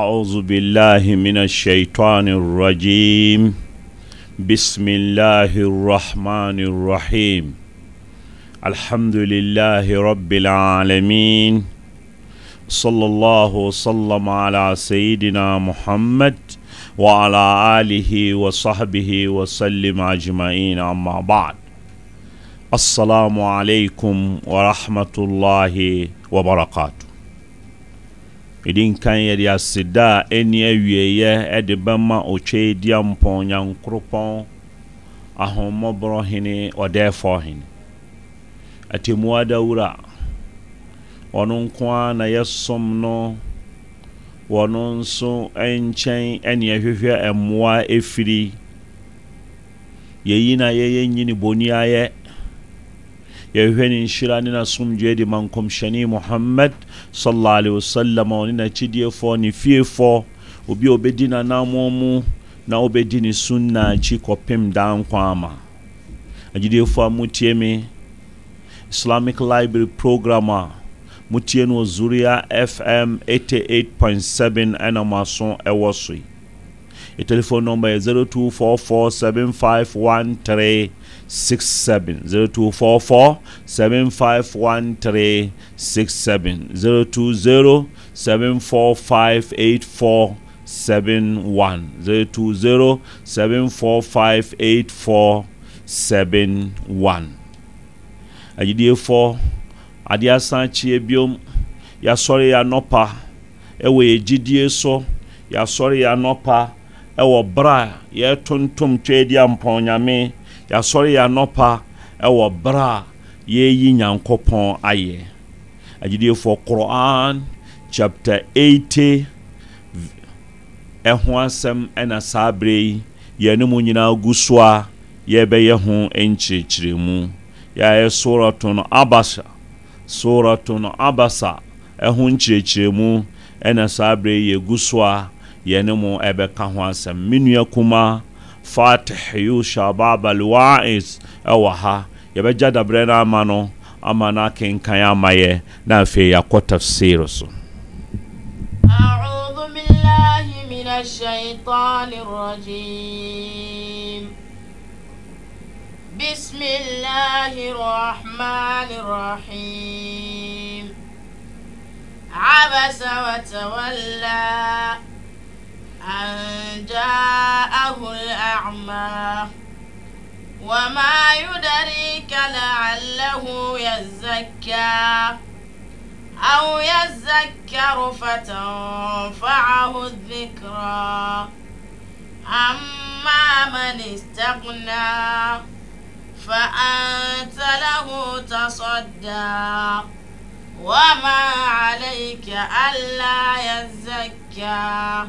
أعوذ بالله من الشيطان الرجيم بسم الله الرحمن الرحيم الحمد لله رب العالمين صلى الله وسلم على سيدنا محمد وعلى آله وصحبه وسلم أجمعين أما بعد السلام عليكم ورحمة الله وبركاته ɛdi nkan yɛde aseda a ɛni awieɛ ɛde bɛma otwe dia mpɔn nyankoropɔn ahommɔborɔ hene ɔdɛɛfɔ hene atemua dawura ɔno nko ara na yɛsom no wɔno nso nkyɛn ɛne ɛhwehwɛ mmoa ɛfiri yɛyi na yɛyɛ nyini boni ayɛ yɛhwehwɛ ne nhyira ne nasomdwe de ma nkɔmhyɛne muhammad sallallahu alaihi wasallam ɔne n'akyidiefo ne fiefo obi a obɛdi n'anammɔ mu na wobɛdi ne sunna akyi kɔpem daa nkwa ama agyidiefo a motie mi islamic library program a motie no wɔ zuria fm 88.7 ɛna mo aso ɛwɔ A telephone number is 0244 751367. 0244 751367. 020 745 8471. 020 745 8471. Agyidiefo, ade asan kyie biom, yɛasɔre yɛ anɔpa, ɛwɔ yɛ gyidie so, yɛasɔre yɛ anɔpa. ɛwɔ berɛ a yɛtontom twɛdi a mpɔnyame yɛasɔre yɛ anɔpa ɛwɔ berɛ a yɛyi nyankopɔn ayɛ agyidiefoɔ koran chapter 80 ɛho asɛm ɛna saa berɛ yi yɛne mu nyinaa gu so a yɛbɛyɛ ho mu. yɛayɛ soraton abasa soraton abasa ɛho mu ɛna saa berɛ yi yɛgu so a yɛne mo ɛbɛka ho asɛm me nua kuma fatih yusha babal wa'is ɛwɔ ha yɛbɛgya dabrɛ no ama no ama no akenkan ama yɛ na afei yɛakɔ tafsir so بسم الله الرحمن الرحيم عبس وتولى أن جاءه الأعمى وما يدريك لعله يزكى أو يذكر فتنفعه الذكرى أما من استغنى فأنت له تصدى وما عليك ألا يزكى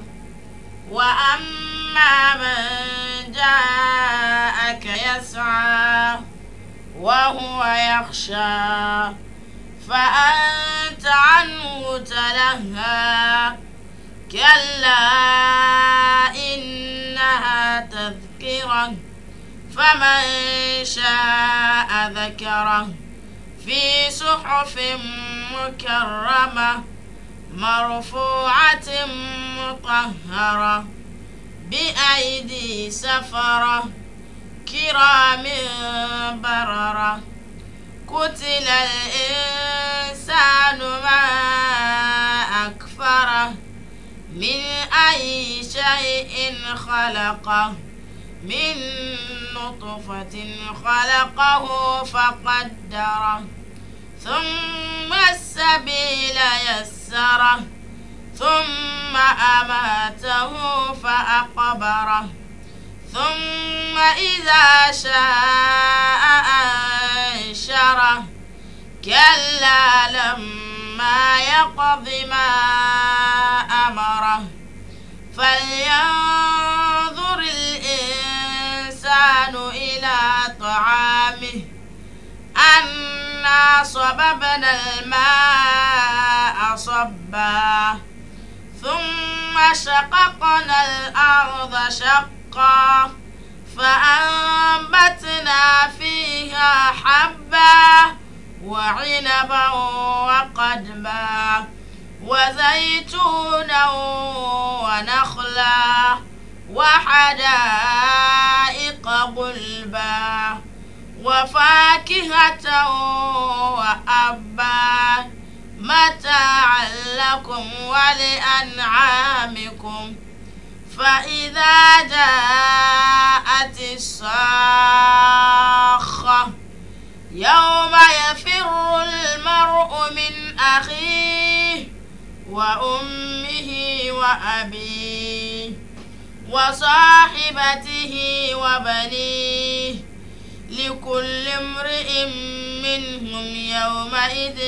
وأما من جاءك يسعى وهو يخشى فأنت عنه تلهى كلا إنها تذكرة فمن شاء ذكره في صحف مكرمه مرفوعة مطهرة بأيدي سفرة كرام بررة قتل الإنسان ما أكفره من أي شيء خلقه من نطفة خلقه فقدره ثم السبيل يسره ثم أماته فأقبره ثم إذا شاء أنشره كلا لما يقض ما أمره فلينظر الإنسان إلى طعامه أنا صببنا الماء صبا ثم شققنا الأرض شقا فأنبتنا فيها حبا وعنبا وقدبا وزيتونا ونخلا وحدائق غلبا وفاكهة وأبا متاعا لكم ولأنعامكم فإذا جاءت الصاخة يوم يفر المرء من أخيه وأمه وأبيه وصاحبته وبنيه لكل امرئ منهم يومئذ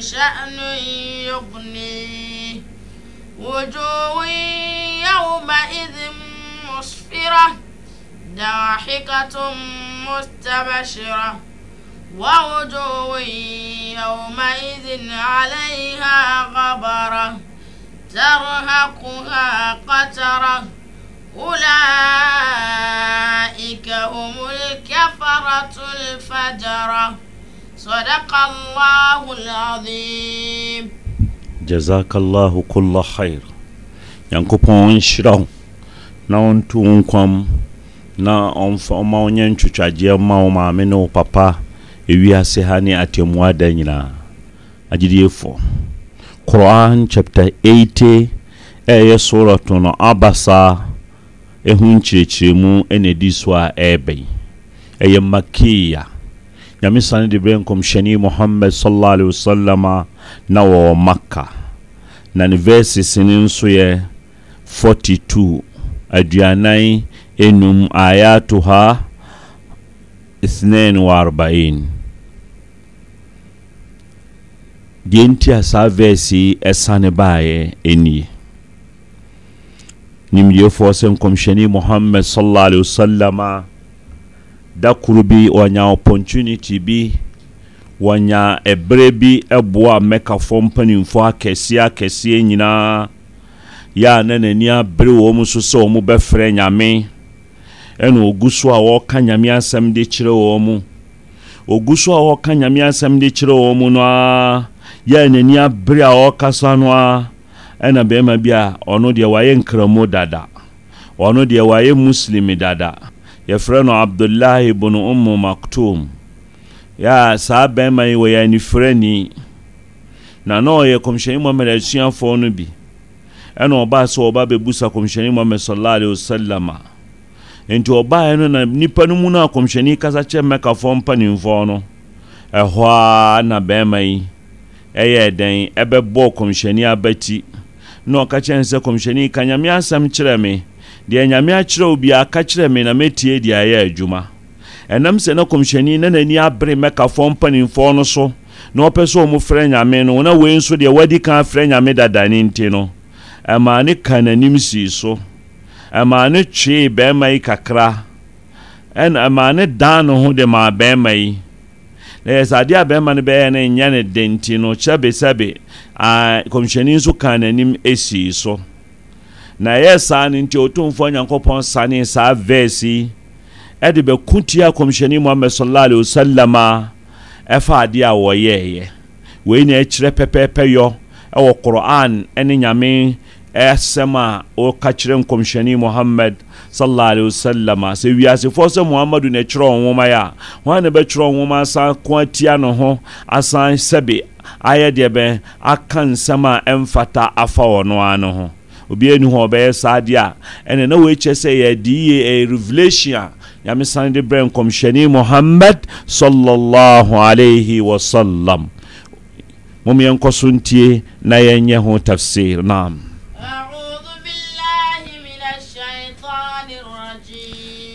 شأن يغنيه وجوه يومئذ مسفرة ضاحكة مستبشرة ووجوه يومئذ عليها غبرة ترهقها قترة أولئك هم الكفرة الفجرة صدق الله العظيم جزاك الله كل خير yankopɔn nhyira wo na ɔnto wo nkwam na ɔmfa ɔma wo nyɛ ntwitwagyeɛ ma wo maame ne wo papa ewiase ha ne atemmu ada nyinaa agyediefoɔ Quran chapter 80 ɛyɛ suratun abasa ɛho nkyerɛkyerɛmu ɛna ɛdi so a ɛrebɛn ɛyɛ makia nyame de berɛ nkɔmhyɛne muhammed sallallahu alaihi wasalam na wɔwɔ maka na ne verses no nso yɛ 42 aduanan enum ayatuha isnain wa arbain deɛ nti a saa verse yi ɛsane baeɛ ɛnie nimdiefoɔ sɛ nkɔmhyɛni mohammad sallallahu alaihi wasallam a da koro bi ɔnya opportunity bi wɔnya ɛberɛ bi ɛboa mɛkafoɔ mpanimfoɔ akɛseɛ akɛseɛ nyinaa yɛ a na n'ani abere wɔ mu so sɛ wɔn bɛfrɛ nyame ɛna ogu so a wɔreka nyame asɛm de kyerɛ wɔn mu ogu so a wɔreka nyame asɛm de kyerɛ wɔn mu no a yɛ n'ani abere a wɔrekasa no a ɛna bɛrima bi a ɔno deɛ wayɛ nkramu dada ɔno deɛ wayɛ muslim dada yɛfrɛ no abdullahi bun umu maktum ya saa bɛrima yi wɔyɛ anifirani na na ɔyɛ kɔmhyɛni muhammad asuafoɔ no bi ɛna ɔbaa sɛ ɔba bɛbusa kɔmhyɛni muhammad sallallahu alaihi wasallam a nti ɔbaeɛ no na nnipa no mu no a kɔmhyɛni kasa kyerɛ mmɛkafoɔ mpanimfoɔ no ɛhɔ a na bɛrima yi ɛyɛ ɛdɛn ɛbɛbɔɔ kɔmhyɛni abati na ɔka kyerɛ sɛ kɔmhyɛni ka nyame asɛm kyerɛ me deɛ nyame akyerɛ wo biaa ka kyerɛ me na mɛtie deɛ ayɛ adwuma ɛnam sɛ na kɔmhyɛni na n'ani abere mɛkafoɔ mpanimfoɔ no so na ɔpɛ sɛ ɔmo frɛ nyame no na wei nso deɛ wadi ka frɛ nyame dada ne nti no ɛmaa ne ka n'anim sii so ɛmaa ne twee bɛrima yi kakra ɛna ɛmaa ne dan ne ho de maa bɛrima yi na yɛ sɛ adeɛ a bɛrima no bɛyɛ no nyɛ ne den nti no kyɛbesɛbe kɔmhyɛni nso ka n'anim esii so na ɛyɛ saa no nti otumfoɔ nyankopɔn sane saa vɛɛsi ɛde bɛko tia kɔmhyɛni muhammed sallallahu alaihi wasallam a ɛfa adeɛ a wɔyɛɛyɛ wei na ɛkyerɛ pɛpɛɛpɛ ɛwɔ koran ɛne nyame ɛsɛm a ɔka kyerɛ nkɔmhyɛni mohammad sallallahu alaihi wasallam sɛ wiasefoɔ sɛ muhammadu na ɛkyerɛ nwoma yɛ a hwan na bɛkyerɛ nwoma asan ko atia ne ho asan sɛbe ayɛ deɛ bɛn aka nsɛm a ɛmfata afa wɔ no ara ne ho obiara ni hɔ ɔbɛyɛ saa adeɛ a ɛnna na wɔakyɛ sɛ yɛde ɛyɛ revelation a nyame san de brɛ nkɔmhyɛni mohammad sallallahu alaihi wasallam mom yɛnkɔ so ntie na yɛnyɛ ho tafsir naam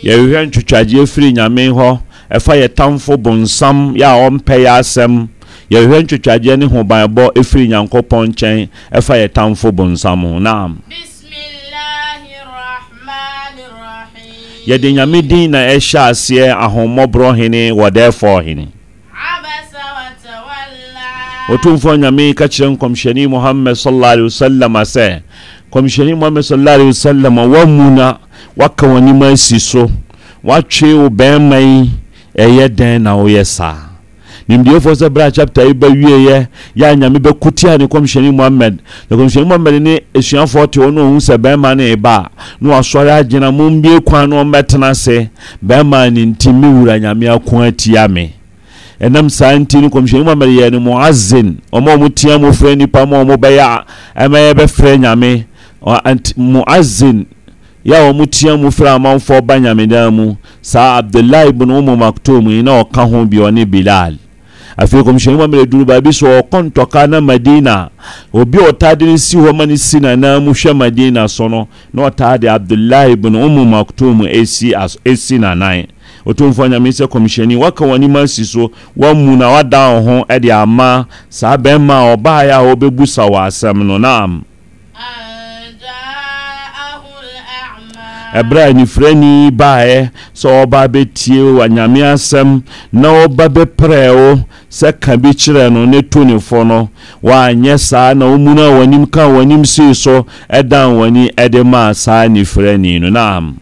yɛhwehwɛ ntwitwagyeɛ firi nyame hɔ ɛfa yɛ tamfo bonsam yɛ a ɔmpɛ yɛ asɛm yɛhwehwɛ ntwitwagyeɛ ne hobanbɔ ɛfiri nyankopɔn nkyɛn ɛfa yɛ tamfo bonsam ho naam yɛde nyame din na ɛhyɛ aseɛ ahommɔborɔ hene wɔdɛɛfɔɔ hene ɔtomfoɔ nyame ka kyerɛ nkɔmhyɛni mohammed sallallahu alaihi sɛ kɔmhyɛni mohammed sallallahu alaihi wamu na waka w'anim asi so watwe wo bɛrima yi ɛyɛ dɛn na woyɛ saa nimdeɛfoɔ sɛ berɛ chapter yi bɛwieɛ yɛ a nyame bɛkotia ne kɔmhyɛne mohammed na kɔmhyɛne mohammed ne asuafoɔ te hɔ ne sɛ bɛrima ne ɛba a na wasɔre agyina mombie kwan na ɔmmɛtena ase bɛrima ne nti mewura nyame ako atia me ɛnam saa nti no kɔmhyɛni mohamad yɛ no muazin ɔma ɔmo tia mo frɛ nnipa ma ɔmo bɛyɛ ɛma yɛbɛfrɛ nyame muazin yà wɔn mu tia mu fira amanfoɔ ba nyamedan mu saa abdullahi bin umu maktum yi na ɔka ho bi ɔne bilal afei kɔmhyɛn mu amina duru baabi so ɔkɔ ntɔka na madina obi a ɔtaade no si hɔ ma no si nanan mu hwɛ madina so na ɔtaade abdullahi bin umu maktum esi as esi nanan otumfoɔ nyame sɛ kɔmhyɛni waka wɔn anim asi so wɔamu na wada wɔn ho de ama saa bɛrima a ɔbaa yɛ a ɔbɛbu sa wɔ asɛm no naam. Uh. ɛberɛ a nifirani baeɛ sɛ ɔba bɛtie anyame asɛm na ɔba bɛprɛ wo sɛ ka bi kyerɛ no ne to nefo fo no waanyɛ saa na a w'anim ka w'anim sii so ɛdan w'ani ɛde maa saa nifirani no naam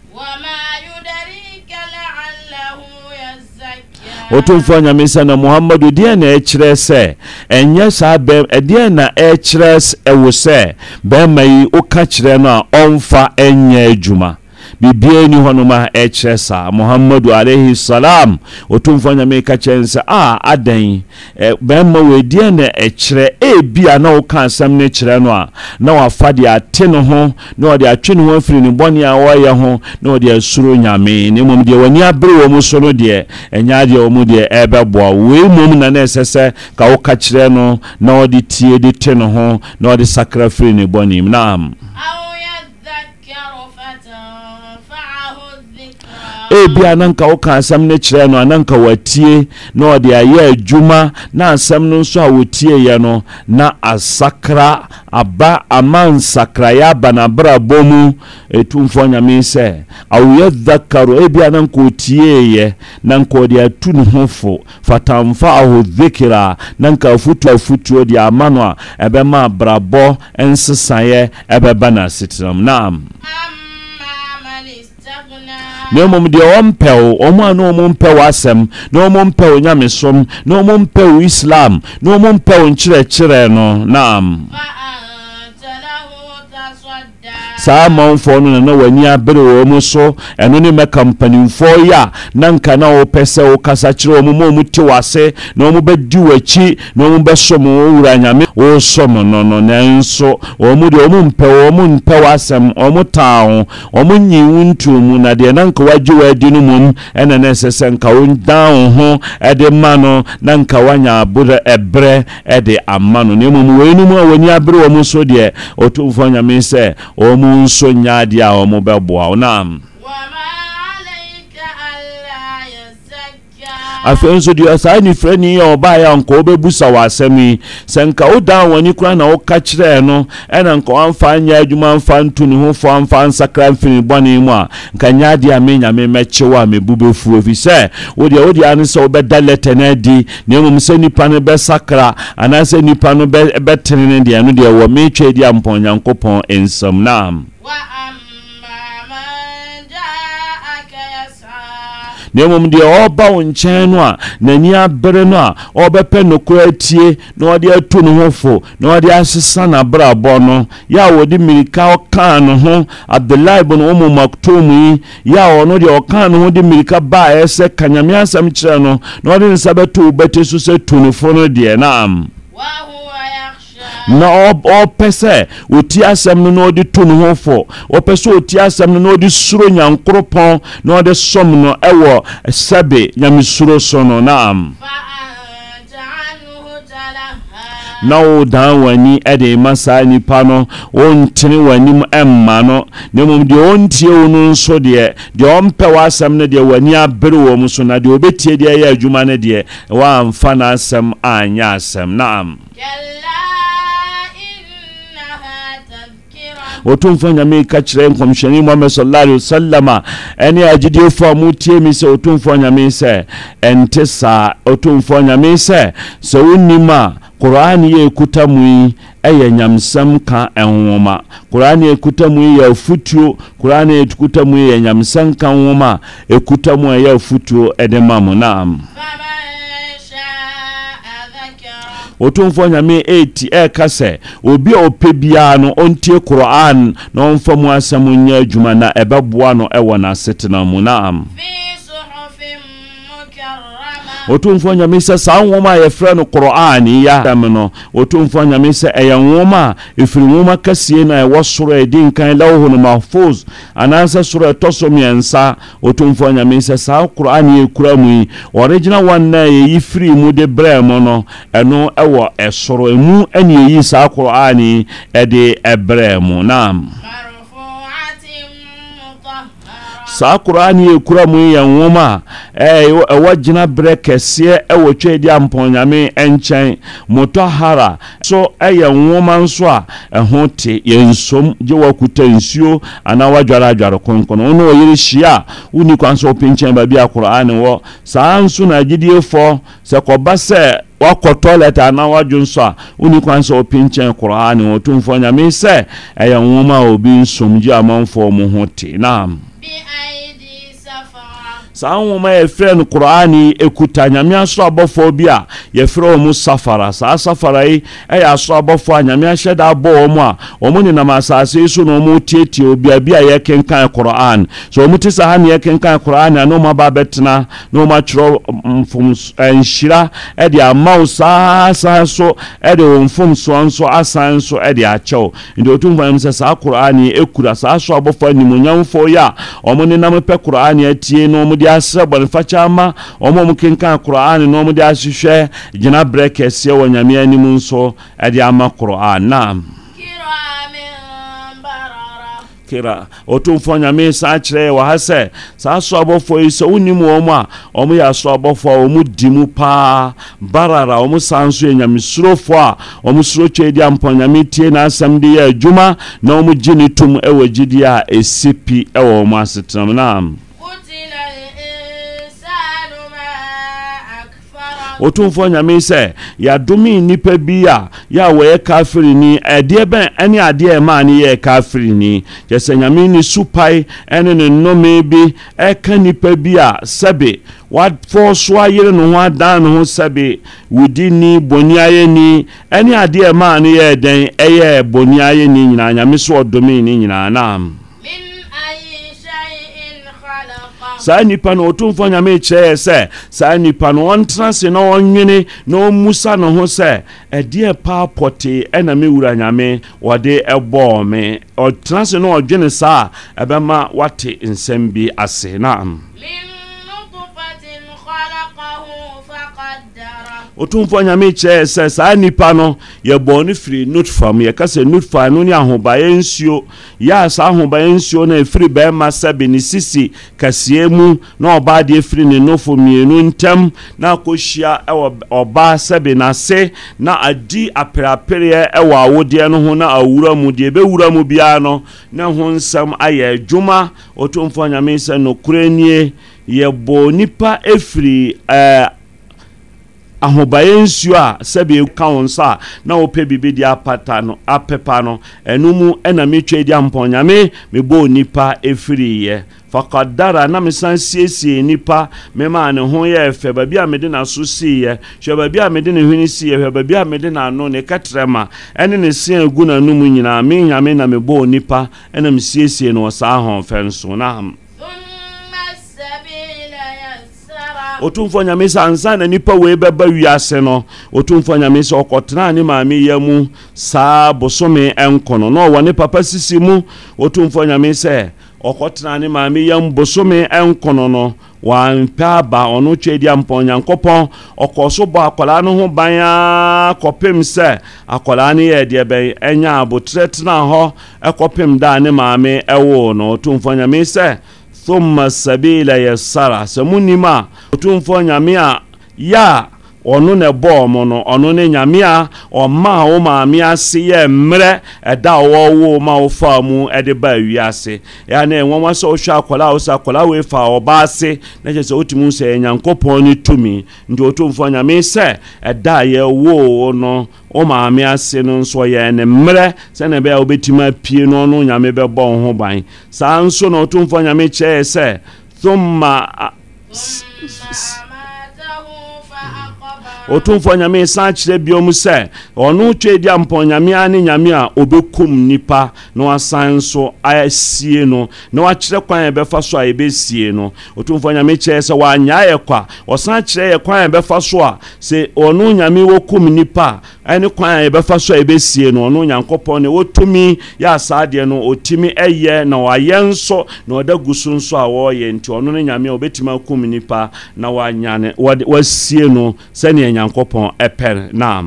ɔtomfoɔ nyame sɛ na mohamado deɛ na ɛkyerɛ sɛ ɛnyɛ saa bɛm ɛdeɛ na ɛkyerɛ ɛwo sɛ bɛrima yi woka kyerɛ no a ɔmfa ɛnyɛ adwuma biribiara ni hɔnom a ɛkyerɛ saa muhammadu alayhi salam ɔtomfoɔ nyame ka kyerɛ sɛ a adɛn eh, bɛrima wɔ ɛdeɛ na ɛkyerɛ ebi a na woka asɛm no kyerɛ no a na wafa deɛ ate ne ho na ɔde atwe ne ho afiri ne bɔne a wɔyɛ ho na ɔde asuro nyame na mmom deɛ w'ani abere wɔ mu so no deɛ ɛnyɛ adeɛ wɔ mu deɛ ɛbɛboa wei mmom na na ɛsɛ sɛ ka woka kyerɛ no na ɔde tie de te ne ho na ɔde sakra firi ne bɔne mu naam ebi ananka woka asɛm no kyerɛ no ananka watie na ɔde ayɛ adwuma na asɛm no nso a wɔtieɛ no na asakra aba ama nsakraeɛ aba n'abrabɔ mu ɛtumfoɔ nyame sɛ awyadhakaro ebi ananka ɔtieeɛ na nka ɔde atu ne ho fo fatamfaaho dhikira na nka afotuo afotuo de ama no a ɛbɛma abrabɔ nsesaeɛ ɛbɛba no asetenam naam Amen na mmom deɛ ɔmpɛw ɔmo a na ɔmo mpɛw asɛm na ɔmo mpɛw nyamesom na ɔmo mpɛw islam na ɔmo mpɛw nkyerɛkyerɛ no naam saa amanfoɔ no na na w'ani abere wɔn so ɛno ne mɛka mpanimfoɔ yi a na nka na wɔpɛ sɛ wɔkasa kyerɛ wɔn ma wɔn te w'ase na wɔn bɛdi w'akyi na wɔn bɛsɔm wɔn wura nyame wɔsɔm no no nanso wɔn deɛ wɔn mpɛ wɔn mpɛ w'asɛm wɔn taa ho wɔn nyi wɔn ntuomu na deɛ na nka wagye wɔn adi no mu ɛna na ɛsɛ sɛ nka wɔn dan ho ɛde ma no na nka wanya aboro ɛbrɛ ɛde ama no na emu wɔn enum a wɔn ani abere wɔn so deɛ ɔtumfoɔ nyame sɛ wɔn nso nnyaadeɛ a wɔ mo bɛboa wo naam afei nso deɛ saa nifrɛ ni yɛ ɔbaeɛ a nka wobɛbusa wɔ asɛm yi sɛ nka wodan w'ani kora na woka kyerɛɛ no ɛna nka wamfa nyɛ adwuma mfa nto ne ho fo amfa nsakra mfini bɔne mu a nka nyɛ adeɛ a me nyame mɛkye wo a mebu bɛfuo fi sɛ wodeɛ wode ane sɛ wobɛda lɛtɛ no adi na mmom sɛ nnipa no bɛsakra anaasɛ nnipa no bɛtene ne deɛ no deɛ wɔ metwa di a mpɔnyankopɔn nsɛm naam na mmom deɛ ɔreba wo nkyɛn no a n'ani abere no a ɔbɛpɛ nokorɛ atie na ɔde atu ne ho fo na ɔde asesa n'abrabɔ no yɛ a wɔde mmirika ɔkaa ne ho abdullahi bin umu maktum yi yɛ a ɔno deɛ ɔkaa ne ho de mmirika baa ɛyɛ sɛ ka asɛm kyerɛ no na ɔde ne nsa bɛto wo bɛte so sɛ tunifo no deɛ naam wow na ɔpɛ sɛ ɔti asɛm no na ɔde to ne ho fo ɔpɛ sɛ ɔti asɛm no na ɔde suro nyankoropɔn na ɔde som no ɛwɔ sɛbe nyamesuro so no naam na wo dan w'ani de ma saa nipa no wontene w'anim mma no na mmom deɛ ɔntie wo no nso deɛ deɛ ɔmpɛ w'asɛm no deɛ w'ani abere wɔ mu so na deɛ ɔbɛtie deɛ ɛyɛ adwuma no deɛ woamfa n'asɛm anyɛ asɛm naam ɔtumfoɔ nyame ka kyerɛ nkɔmhyɛni muhammad sallallahu alaihi wasallama ɛne agyidiefo a motie mi sɛ ɔtumfoɔ nyame sɛ ɛnte saa ɔtumfoɔ nyame sɛ sɛ wonim a koran yɛ ɛkuta mu yi ɛyɛ nyamsɛm ka nwoma koran yɛ ɛkuta mu yi yɛ afutuo koran yɛ ɛkuta mu yi yɛ nyamsɛm ka nwoma ɛkuta mu ɛyɛ afutuo ɛde ma mo naam ɔtomfoɔ nyame 8 ɛɛka sɛ obi a ɔpɛ biara no ɔntie korɔan na ɔmfa mu asɛm nyɛ adwuma na ɛbɛboa no ɛwɔ eh, n'asetena mu naam ɔtumfoɔ nyame sɛ saa nwoma a yɛfrɛ no korɔane ya dɛm no ɔtumfoɔ nyame sɛ ɛyɛ nwoma a ɛfiri nwoma kɛsie no a ɛwɔ soro a ɛdi nkan lawho no mahfos anaasɛ soro a ɛtɔ so mmiɛnsa ɔtumfoɔ nyame sɛ saa korɔane yɛkura mu yi ɔregyina wɔn na yɛyi firi mu de brɛɛ mu no ɛno ɛwɔ ɛsoro ɛmu ɛne yɛyi saa korɔane ɛde ɛbrɛɛ mu naam saa koraa ne yɛkura mu yɛ nwoma a ɛwɔ gyina berɛ kɛseɛ ɛwɔ twadi a mpɔnyame nkyɛn motɔhara so ɛyɛ nwoma nso a ɛho te yɛ yɛnsom gye wakuta nsuo anaa wadware adware kronkron wo ne ɔyere hyia a wonni kwan sɛ baabi a koraa wɔ saa nso na agyediefoɔ sɛ kɔba sɛ wakɔ toilet anawadu nso a woni kwan sɛ ɔpi nkyɛn koraa ne ɔtumfoɔ nyame ɛyɛ nwoma a obi nsomgye amanfoɔ mu ho te naam saa nwoma yɛfrɛ no korane ɛkuta nyame asoro abɔfoɔ bi a yɛfrɛ ɔ mu safara saa safara yi ɛyɛ asoro abɔfoɔ a nyame ahyɛ da abɔ ɔ mu a ɔmo nenam asase yi so na ɔmo tietie obiabi a yɛkenkan koran so ɔmo te saa ha ne yɛkenkan koran a na ɔmo mm, saa so nso asan nso akyɛw nti otu sɛ saa ekura saa wiase bɔnefakyɛ ama ɔma mu kenkan korɔane na ɔmde ahwehwɛ gyina berɛ kɛseɛ wɔ nyame anim nso ɛde ama na kira ɔtomfoɔ nyame saa kyerɛ wɔ ha saa yi sɛ wonim wɔ mu a ɔmo yɛ paa barara ɔmo saa nso yɛ nyamesurofoɔ a ɔmo suro di ampɔ nyame tie n'asɛm de yɛ adwuma na ɔmo gye ne tom ɛwɔ gyidi a ɛsi pi ɛwɔ ɔmo asetenam naam ɔtumfoɔ nyame sɛ yɛadome nnipa bi a yɛ a wɔyɛ kafirini ɛdeɛ bɛn ɛne adeɛ ɛmaa ne yɛɛ kafirini kyɛ sɛ nyame ne supae ɛne ne nnome bi ɛka nnipa bi a sɛbe wafɔ so ayere ne ho adan ne ho ni wodini bɔne ayɛni ɛne adeɛ ɛmaa ne yɛɛ dɛn ɛyɛɛ bɔne ayɛni nyinaa nyame so ɔdome ne nyinaa naam saa nipa no ɔtumfoɔ nyame kyerɛɛ sɛ saa nipa no ɔntena se na ɔnwene na ɔmmusa ne ho sɛ ɛdeɛ paa pɔtee ɛna me wura nyame ɔde ɛbɔɔ me ɔtena se na ɔdwene saa ɛbɛma wate nsɛm bi ase na otumfoɔ nyame kyerɛɛ sɛ saa nnipa no yɛbɔɔ no firi notfam yɛka sɛ notfam no ne ahobaeɛ nsuo yɛa saa ahobaeɛ nsuo no ɛfiri bɛrima sɛbe ne sisi kaseɛ mu na ɔbaa deɛ firi ne nofo mmienu ntam na akɔhyia ɛwɔ ɔbaa sɛbe n'ase na adi aperapereɛ ɛwɔ awodeɛ no ho na awura mu deɛ ɛbɛwura mu biara no ne ho nsɛm ayɛ adwuma otumfoɔ nyame sɛ nokorɛ nie yɛbɔɔ nipa ɛfiri ɛɛ ahobaeɛ nsuo a sɛbi ka wo nsa a na wopɛ biribi de apata no apɛpa no ɛno mu ɛna metwa di ampɔn nyame mebɔɔ efiri ɛfiriiɛ fakadara na mesan siesie nipa memaa ne ho yɛ fɛ baabi a mede n'aso siiɛ hwɛ baabi a mede ne hwene siiɛ hwɛ baabi a mede n'ano ne kɛtrɛma ɛne ne se agu n'anom nyinaa me nyame na mebɔɔ nipa ɛna mesiesie no wɔ saa ahoɔfɛ nso naham ɔtumfoɔ nyame sɛ ansa na nipa wei bɛba wiase no ɔtumfoɔ nyame sɛ ɔkɔtenaa ne maame yɛ mu saa bosome ɛnkɔ no na ɔwɔ ne papa sisi mu ɔtumfoɔ nyame sɛ ɔkɔtena ne maame yam bosome ɛnkono no wampɛ aba ɔno twɛ di ampa onyankopɔn ɔkɔ so bɔ akwadaa no ho ban kɔpem sɛ akwadaa no yɛ deɛ bɛn ɛnya abotrɛ tena hɔ ɛkɔpem da ne maame ɛwoo no ɔtomfo nyame sɛ thumma sabila yassara sɛ mu nim a ɔtumfoɔ nyame a ɔno ne bɔɔ mo no ɔno ne nyame a ɔmaa wo maame ase yɛ mmerɛ ɛda a wɔwoo ma wo faa mu ɛde baa wiase ɛa ne ɛnwanwa sɛ wohwɛ akɔla a wo sɛ akɔla wei fa ɔba ase na kyɛ sɛ wotumi hu sɛ ɛnyankopɔn ne tumi nti ɔtomfoɔ nyame sɛ ɛda a yɛwoo no wo maame ase no nso ɔyɛ ne mmerɛ sɛne ɛbɛyɛ a wobɛtumi apue no ɔno nyame bɛbɔ wo ho ban saa nso na ɔtomfoɔ nyame kyerɛɛ sɛ thumma ɔtumfoɔ nyame san kyerɛ biom sɛ ɔno twa di ampɔnyame a ne nyame a ɔbɛkum nipa na wasan so asie no na wakyerɛ kwan a ɛbɛfa so a yɛbɛsie no ɔtumfoɔ nyame kyerɛ sɛ wanyaa yɛ kwa ɔsan kyerɛ yɛ kwan a ɛbɛfa so a sɛ ɔno nyame wɔkum nipa ɛne kwan a yɛbɛfa so a yɛbɛsie no ɔno nyankopɔn ne wɔtumi yɛ asaa deɛ no ɔtumi ɛyɛ na wayɛ nso na ɔda gu so nso a wɔreyɛ nti ɔno ne nyame a ɔbɛtumi akum nipa na wanyane wasie no sɛneɛ onyankopɔn ɛpɛre naam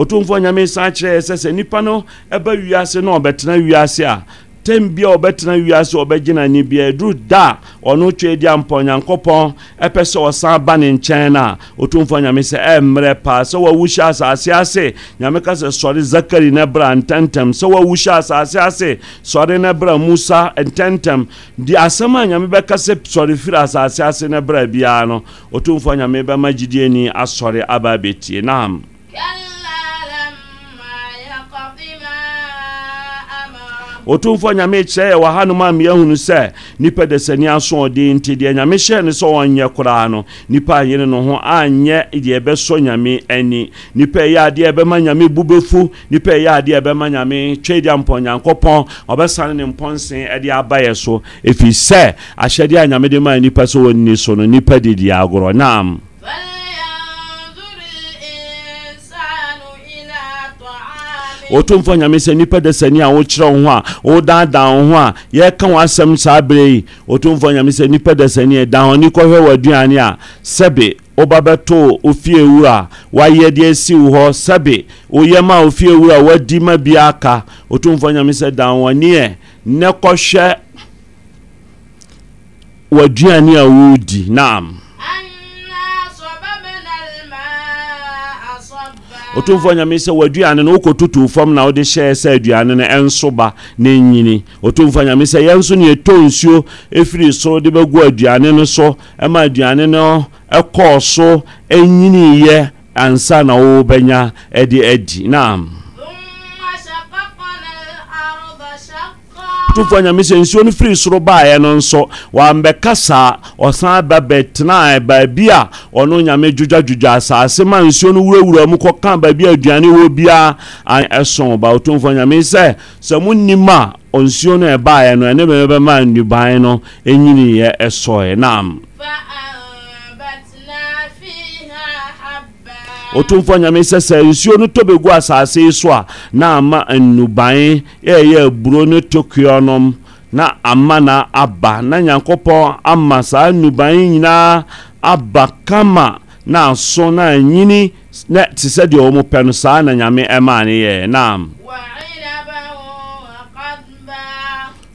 ɔtomfoɔ nyame san kyerɛ sɛ sɛ nnipa no ɛba wiase na ɔbɛtena wiase a tem bia ɔbɛtena wiase ɔbɛgyina ni bia duru da ɔno twe di ampɔ nyankopɔn ɛpɛ sɛ ɔsan ba ne nkyɛn na otumfo nyame sɛ ɛmmerɛ eh, paa sɛ waawuhyɛ asase ase nyame ka sɛ sɔre zakari ne bra ntɛntɛm sɛ waawuhyɛ asase ase sɔre ne bra musa ntɛntɛm de asɛm a nyame bɛka sɛ sɔre firi asase ase ne bra biara no otumfo nyame bɛma gyidie ni asɔre aba abɛtie naam yeah. ɔtumfoɔ nyame kyerɛ yɛ wɔ hanom a meahunu sɛ nnipa dasani asoɔden nti deɛ nyame hyɛ no sɛ ɔnyɛ koraa no nnipa anyere no ho anyɛ deɛ ɛbɛsɔ nyame ani nnipa ɛyɛ adeɛ ɛbɛma nyame bu bɛfu nnipa ɛyɛ adeɛ ɛbɛma nyame twɛdia mpɔnyankopɔn ɔbɛsane ne mpɔnsen de aba yɛ so ɛfiri sɛ ahyɛdeɛ a nyame de maa nnipa sɛ wɔnni so no nnipa didi agorɔ naam ɔtomfoɔ nyame sɛ nnipa da sani a wokyerɛ wo ho a wodaadaa wo ho a yɛka wo asɛm saa berɛ yi ɔtomfoɔ nyame sɛ nnipa da sani a hɔne kɔhwɛ w'aduane a sɛbe wobabɛto ofie wu a deɛ asi wo hɔ sɛbe woyɛ ma ofie wu a wadi ma bi aka ɔtomfoɔ nyame sɛ da wɔneɛ nɛ kɔhwɛ w'aduane a wodi naam ɔtumfoɔ nyame sɛ w'aduane no wokɔtutu fam na wode hyɛɛ sɛ aduane no ɛnso ba ne nyini ɔtumfoɔ nyame sɛ yɛn nso ne yɛtɔ nsuo ɛfiri soro de bɛgu aduane no so ɛma aduane no ɛkɔɔ so ɛnyiniiɛ ansa na wowobɛnya ɛde adi naam tumfoɔ nyame sɛ nsuo no firi soro baeɛ no nso wambɛka saa ɔsan ba bɛtenaa baabi a ɔno nyame dwodwadwodwa asase ma nsuo no wurawura mu kɔka baabi a aduane wɔ biara ɛso ba ɔtumfoɔ nyame sɛ sɛ monim a nsuo no ɛbaeɛ no ɛne bɛbɛma nnuban no ɛnyiniɛ ɛsɔe nam ɔtomfoɔ nyame sɛ sɛ nsuo no tɔ bɛgu asase yi so a na ama nnuban ɛyɛ aburo ne tokuɔ nom na ama na aba na nyankopɔn ama saa nnuban nyinaa aba kama na aso na anyini na te sɛ deɛ ɔmo pɛ no saa na nyame ɛmaa ne yɛ naam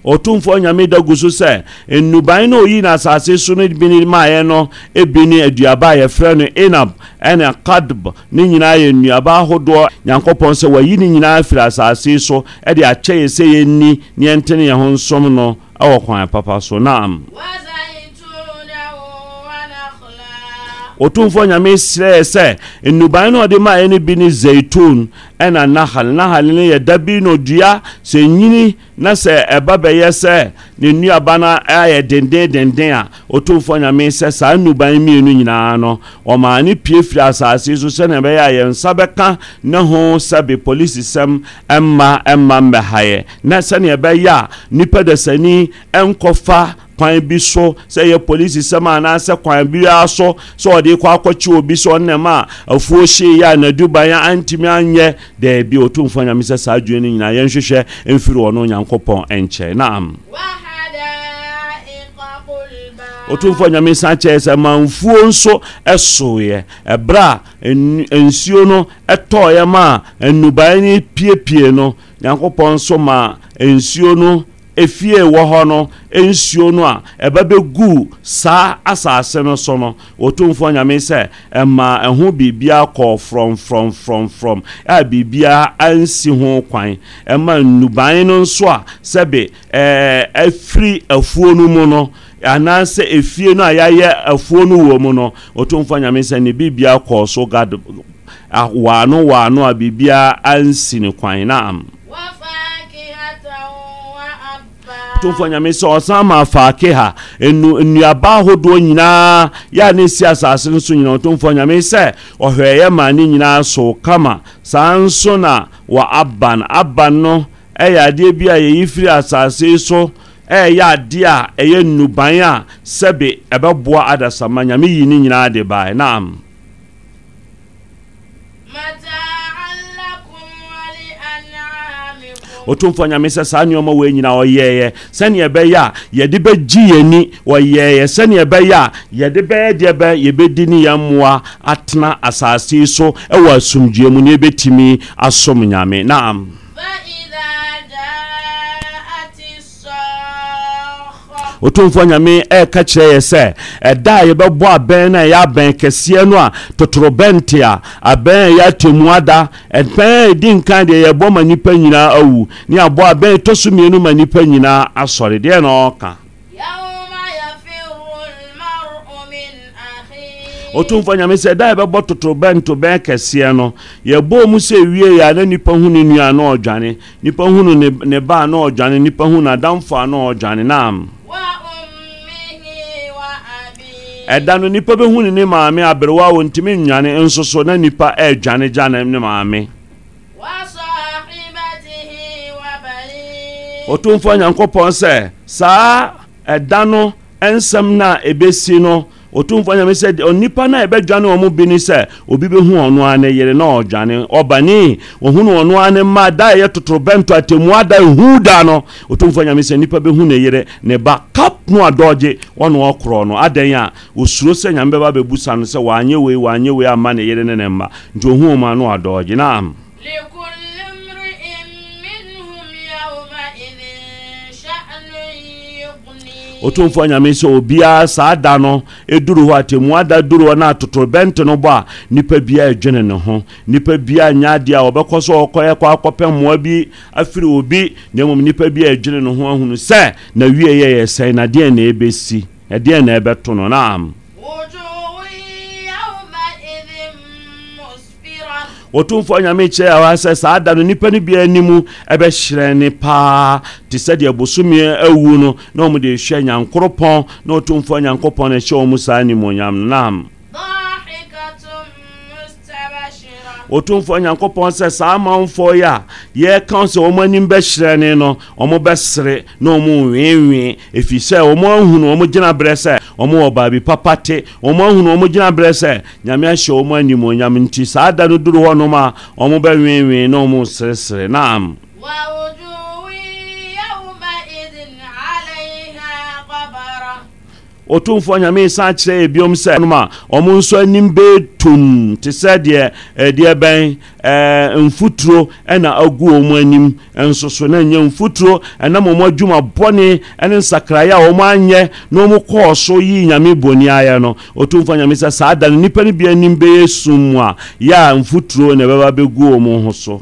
ɔtumfoɔ nyame da gu so sɛ nnuban no ɔyii no asase so no bi ne maayɛ no ebi ne aduaba a yɛfrɛ no enab ɛne kadb ne nyinaa yɛ nnuaba ahodoɔ nyankopɔn sɛ wayi ne nyinaa firi asase so ɛde akyɛ yɛ sɛ yɛnni ne yɛntene yɛn ho nsom no ɛwɔ kwan papa so naam ɔtumfoɔ nyame serɛɛ sɛ nnuban no ɔde maɛ no bi ne zaitun ɛna nahal nahal no yɛ dabino dua sɛ nyini na sɛ ɛba bɛyɛ sɛ ne nnuaba no ayɛ dendendenden a ɔtumfoɔ nyame sɛ saa nnuban mmienu nyinaa no ɔmaa ne pie firi asase so sɛnea ɛbɛyɛ a yɛn nsa bɛka ne ho sɛbe polisisɛm ɛmma ɛmma mmɛhaeɛ na sɛnea ɛbɛyɛ a nnipa dasani ɛnkɔfa kwan bi so sɛ yɛ polisi sɛm anaasɛ kwan bi asɔ sɛ ɔde kɔ akɔkye obi sɛ ɔnam a afuo hyee yɛ a n'aduban a antumi anyɛ daabi ɔtumfoɔ nyame sɛ saa adwene no nyinaa yɛnhwehwɛ mfiri ɔno onyankopɔn ɛnkyɛ naam ɔtumfoɔ nyame san kyerɛ sɛ manfuo nso ɛsoeɛ ɛberɛ a nsuo no ɛtɔɔeɛ ma a nnubaeɛ no piepie no nyankopɔn nso ma nsuo no ɛfie wɔ hɔ no nsuo no a gu saa asase no so no ɔtomfoɔ nyame sɛ ɛma ɛho biribiaa kɔɔ frɔmfrɔmfrɔmfrɔm a biribiaa ansi ho kwan ɛma nnuban no nso a sɛbe afiri afuo no mu no anaasɛ ɛfie no a yɛayɛ afuo no wɔ mu no ɔtomfoɔ nyame sɛ ne biribia kɔɔ so gad waano waano a biribiaa ansi ne kwan naam tomfo nyame sɛ ɔsan ma afaake ha enu nnuaba ahodoɔ nyinaa yɛ a ne si asase no so nyinaa tomfo nyame sɛ ɔhwɛɛyɛ ma ne nyinaa so kama saa nso na wɔ aban aban no ɛyɛ adeɛ bi a yɛyi firi asase yi so ɛyɛ adeɛ a ɛyɛ nnuban a sɛbe ɛbɛboa adasamma nyame yi ne nyinaa de bae naam ɔtomfoɔ nyame sɛ saa nneɔma wei nyina ɔyɛeɛ sɛneɛ ɛbɛyɛ a yɛde bɛgye yɛni ɔyɛeɛ sɛneɛ ɛbɛyɛ a yɛde bɛyɛ deɛ bɛ yɛbɛdi ne yɛ mmoa atena asase yi so ɛwɔ asomdwue mu ne yɛbɛtumi asom nyame naam ɔtomfoɔ nyame ɛɛka kyerɛ yɛ sɛ ɛda a yɛbɛbɔ abɛn no ɛyɛ abɛn kɛseɛ no a a abɛn a ɛyɛ ada ɛbɛn a ɛdi nkan deɛ yɛbɔ ma nnipa nyinaa awu ne abɛn ɛtɔ ma nnipa nyinaa asɔre deɛ na ɔka ɔtumfo nyame sɛ da yɛbɛbɔ totorobɛnto bɛn kɛseɛ no mu sɛ wie yɛ na nipa hu ne nua na ɔdwane nipa hu ne na ɔdwane nipa hu ne adamfo ɛda no nipa bɛhu ne ne maame aberewa a wɔntumi nnwane nso na nipa ɛɛdwane gya ne ne maame ɔtomfoɔ nyankopɔn sɛ saa ɛda no ɛnsɛm no a no ɔtumfoɔ nyame sɛ onipa no a ɛbɛdwane ɔmo bi ne sɛ obi bɛhu ɔno a ne yere na ɔdwane ɔbane ɔhunu ɔno a ne mma da ɛyɛ totorobɛnto atemmua da ɛhu da no ɔtumfoɔ nyame sɛ nipa bɛhu ne yere ne ba kap no adɔgye ɔno ɔkorɔ no adɛn a ɔsuro sɛ nyame bɛba bɛbusa no sɛ wanyɛ wei wanyɛ wei ne yere ne ne mma nti ɔhu ɔma no adɔgye naam ɔtomfoɔ nyame sɛ obiara saa da no ɛduru hɔ atemmua da duru hɔ no atotorobɛnte no bɔ a nnipa biara ɛdwene ne ho nnipa biara nyɛ adeɛ a wɔbɛkɔ sɛ ɔkɔyɛ kɔ akɔpɛ mmoa bi afiri obi na mmom nnipa biara ɛdwene ne ho ahunu sɛ na wie yɛ yɛ sɛe na deɛn na ɛbɛsi ɛdeɛn na ɛbɛto no naam ɔtumfoɔ nyame kyerɛ awa sɛ saa da no nnipa no biara anim ɛbɛhyerɛn ne paa te sɛdeɛ bosomeɛ awu no na ɔmde hwɛ nyankoropɔn na ɔtumfoɔ nyankopɔn no ɛhyɛ ɔ mu saa animonyam nam ɔtumfoɔ nyankopɔn sɛ saa amanfoɔ yi a yɛka sɛ wɔn anim bɛhyerɛ ne no wɔn bɛsere na wɔn nwenwen ɛfiri sɛ wɔn ahunu wɔn gyina berɛ sɛ wɔn wɔ baabi papa te wɔn ahunu wɔn gyina berɛ sɛ nyame ahyɛ wɔn anim onyam nti saa da no duru hɔnom a wɔn bɛnwenwen na wɔn seresere naam. wàá ojú. ɔtumfoɔ nyame san kyerɛ ebiom sɛ nom a ɔmo nso anim beetum te sɛ deɛ ɛdeɛ bɛn ɛɛ mfuturo ɛna agu wɔn anim nso so na nyɛ mfuturo ɛnam wɔn adwuma bɔne ɛne nsakraeɛ a wɔn anyɛ na wɔn kɔɔ so yi nyame bɔni ayɛ no ɔtumfoɔ nyame sɛ saa da no nipa no bi anim bɛyɛ sum a yɛ mfuturo na ɛbɛba bɛgu wɔn ho so.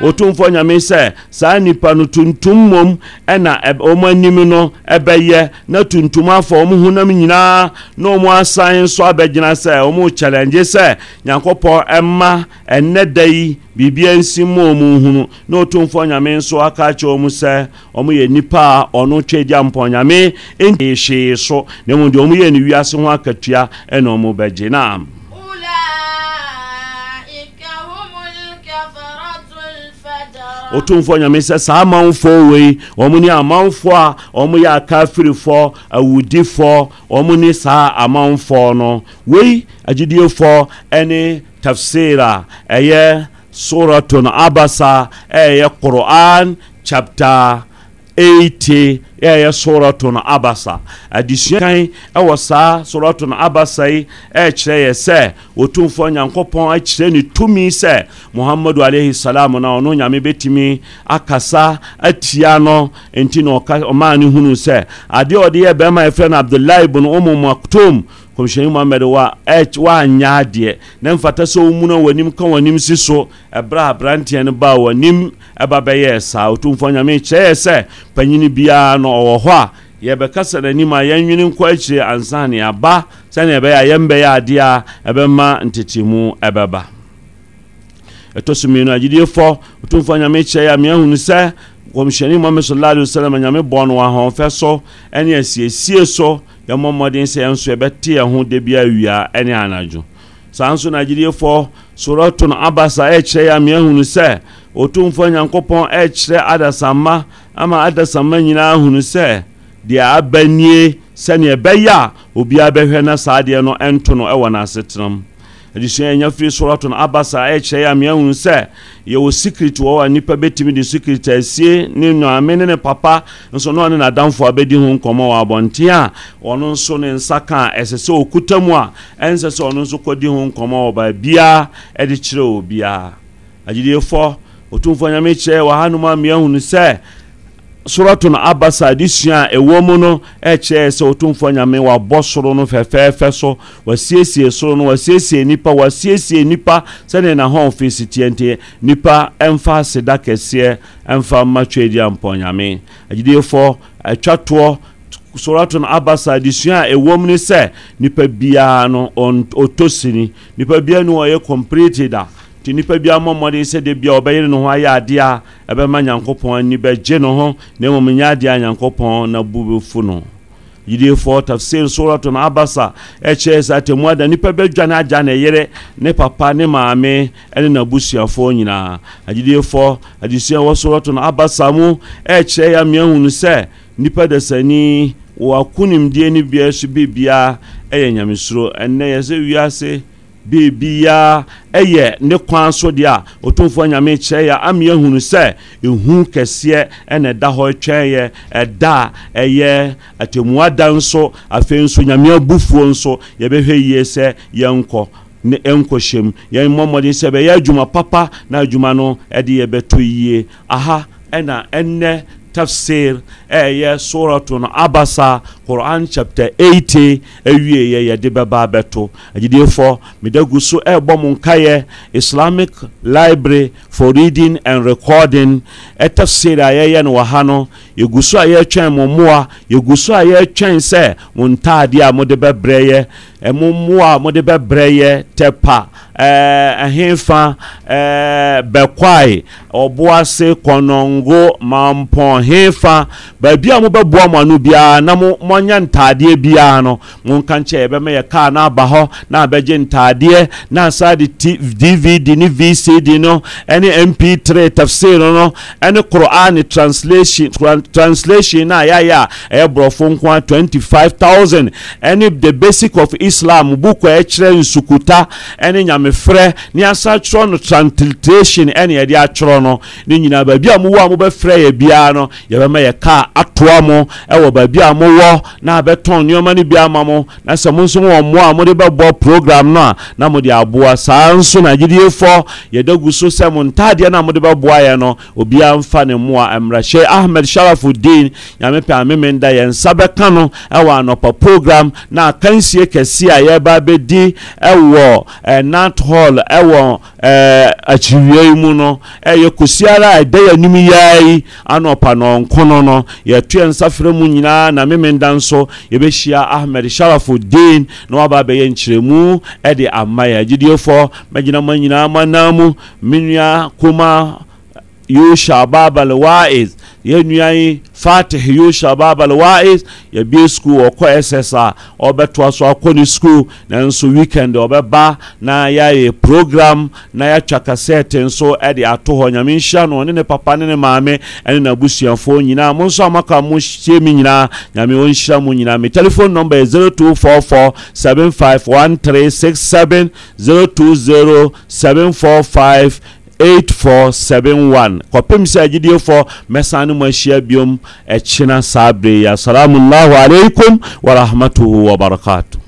ɔtomfoɔ nyame sɛ saa nipa no tuntum mmom ɛna ɔmo anim no ɛbɛyɛ na tuntum afa ɔmo honam nyinaa na ɔmo asan nso abɛgyina sɛ ɔmo kyɛlɛngye sɛ nyankopɔ ɛma ɛnnɛ da yi biribia nsi mma ɔmo hunu na ɔtomfoɔ nyame nso aka akyerɛ ɔmo sɛ ɔmo yɛ nipa a ɔno twa agya mpɔ nyame nhyee so na mmom deɛ ɔmo yɛ ne wiase ho akatua ɛna ɔmo bɛgye naam ɔtomfoɔ nyame sɛ saa amanfoɔ wei ɔmo ne amanfoɔ a ɔmo yɛ akafirifoɔ awudifoɔ ɔmo ne saa amanfoɔ no wei agyidiefoɔ ɛne tafsir a ɛyɛ suratun abasa ɛyɛ qur'an chapter 80 ɛyɛ na abasa adesua kan ɛwɔ saa na abasa yi ɛkyerɛ yɛ sɛ ɔtumfoɔ nyankopɔn akyerɛ ne tumi sɛ muhammadu alaihi salam na ɔno nyame bɛtumi akasa atia no enti na ɔmaa ne hunu sɛ adeɛ ɔde yɛ bɛrima yɛfrɛ no abdullahi bun umu maktum kɔmhyɛni muhammed wa waanyɛ adeɛ na mfata sɛ womuna w'anim ka w'anim si so ɛberɛ a aberanteɛ no baa w'anim ɛba bɛyɛɛ saa ɔtumfoɔ nyame kyerɛɛ sɛ panyini biara no ɔwɔ hɔ a yɛbɛkasa n'anim a yɛnwene nkɔ akyire ansa ne aba sɛnea ɛbɛyɛ a yɛmbɛyɛ adeɛ a ɛbɛma ntetemu ɛbɛba ɛtɔ so mmienu agyidiefoɔ ɔtumfoɔ nyame kyerɛɛ a meahunu sɛ kɔmhyɛni muhammed sallallahu alaihi wasallam nyame bɔ no wɔ so ɛne asiesie so yɛmmɔ mmɔden sɛ ɛnso yɛbɛte yɛn ho de bi awia ɛne anadwo saa nso nagyeriefoɔ sorɔton abasa ɛkyerɛ yɛ amea hunu sɛ ɔtumfoɔ nyankopɔn ɛkyerɛ adasamma ama adasamma nyinaa hunu sɛ deɛ aba nie sɛneɛ ɛbɛyɛ a obiara bɛhwɛ na saa adeɛ no ɛnto no ɛwɔ n'asetenam adesua yɛnya firi soraton abasa ɛkyerɛ yɛ a meahunu sɛ yɛwɔ secret wɔ a nnipa bɛtumi de secret asie ne nuame ne ne papa nso na ɔne n'adamfo abɛdi ho nkɔmmɔ wɔ abɔnten a ɔno nso ne nsa ka a ɛsɛ sɛ ɔkuta mu a ɛnsɛ sɛ ɔno nso kɔdi ho nkɔmmɔ wɔ baabiaa ɛde kyerɛ obiaa agyedeɛfɔ ɔtumfoɔ nyame kyerɛ wɔ hanom a meahunu sɛ soratun abasa adesua a ɛwɔ mu no ɛkyerɛ sɛ otumfoɔ nyame wabɔ soro no fɛfɛɛfɛ so wasiesie soro no wasiesie nipa wasiesie nipa sɛdeɛ n'ahɔnfe si tie nipa ɛmfa aseda kɛseɛ ɛmfa mma twɛ di ampɔ nyame agyideefoɔ atwatoɔ soratun abasa adesua a ɛwɔ mu ne sɛ nipa biara no ɔtɔ sini nipa biara no ɔyɛ completed a nti nipa bi ama mmɔden sɛ de bia ɔbɛyere ne ho ayɛ adeɛ a ɛbɛma nyankopɔn ani bɛgye ne ho na mmom nyɛ adeɛ a nyankopɔn na bu bɛfu no yidifoɔ tafsir soratun abasa ɛkyerɛ sɛ atɛmu ada nipa bɛdwane agya ne yere ne papa ne maame ɛne n'abusuafoɔ nyinaa agyidifoɔ adesua wɔ soratun abasa mu ɛkyerɛ yɛ mmea hunu sɛ nipa dasani wɔakonimdie ne bia so bibia ɛyɛ nyamesuro ɛnnɛ yɛ sɛ wiase beebiaa ɛyɛ ne kwan so deɛ a ɔtomfoɔ nyame kyerɛ yɛ ama yɛahunu sɛ ɛhu kɛseɛ ɛna ɛda hɔ twɛn yɛ ɛda ɛyɛ atemua da nso afei nso nyame abufuo nso yɛbɛhwɛ yie sɛ yɛnkɔ ne ɛnkɔhyɛ mu yɛmmɔ mmɔden sɛ ɛbɛyɛ adwuma papa na adwuma no ɛde yɛbɛtɔ yie aha ɛna ɛnnɛ tafsir ɛyɛ sorato no abasa quran chapter 80 awieɛ yɛde bɛba abɛto agyidiefoɔ meda so ɛrebɔ mo nkaeɛ islamic library for reading and recording ɛtafsir a yɛyɛ no wɔ ha no yɛgu so a yɛretwɛn mo mmoa yɛgu so a yɛretwɛn sɛ mo ntaadeɛ a mode bɛbrɛ yɛ e ɛmo mmoa a mode bɛbrɛ yɛ tɛpa ɛhemfa e, e, bɛkwae ɔboase kɔnɔngo mampɔn hemfa baabi a mobɛboa mo ano biara na mo ɔnyɛ ntaadeɛ biara no nka nkyɛ yɛbɛma yɛ kaa no aba hɔ na abɛgye ntaadeɛ na saa de dvd ne vcd no ɛne mp3 tafsir no ɛne quran translation translation no a yɛayɛ a ɛyɛ borɔfo nko a 25000 ɛne the basic of islam book a ɛkyerɛ nsukuta ɛne nyamefrɛ ne asa kyerɛ no transliteration ɛne yɛde atwerɛ no ne nyinaa baabi a mowɔ a mobɛfrɛ yɛ biara no yɛbɛma yɛ kaa atoa mo ɛwɔ baabi a mowɔ nabɛtɔn nneɔma no biaama m nasɛmo nsomoa mode bɛboa program no a namode aboa saa nsonedif yɛdagu so sɛmo ntadeɛ nmode bɛboaɛ no biaa mfa ne moa mmrahyɛ ahmed sharafodin nyamepɛamemeda yɛnsa bɛka no wɔ anɔpa program nakansie kɛse yɛbabɛdi w eh, nat hall kyiai m noɛsr nso yɛbɛhyia ahmed sharafuddin na waba abɛyɛ nkyerɛmu de ama yɛ agyidiefo mɛgyina ma nyinaa manam mu menua kuma yusha babal wa'iz yɛn nua yi fatih yosha babal wais yɛbie sukuu ɔkɔ ss a ɔbɛtoa so akɔ ne sukuu nanso weekend ɔbɛba na yɛayɛ program na yɛatwa kasɛɛte nso de ato hɔ nyame nhyia no ɔne ne papa ne ne maame ne n'abusuafoɔ nyinaa mo nso amaka mo hyie mi nyinaa nyame ɔnhyira mo nyinaa me telephone number yɛ 0244 751367 020 745 8471 kɔpem sɛ agyidie fɔ mɛsan ne mɔ ahyia biom ɛkyina saabre a assalamullahu alaikum warahmatuhu wabarakatu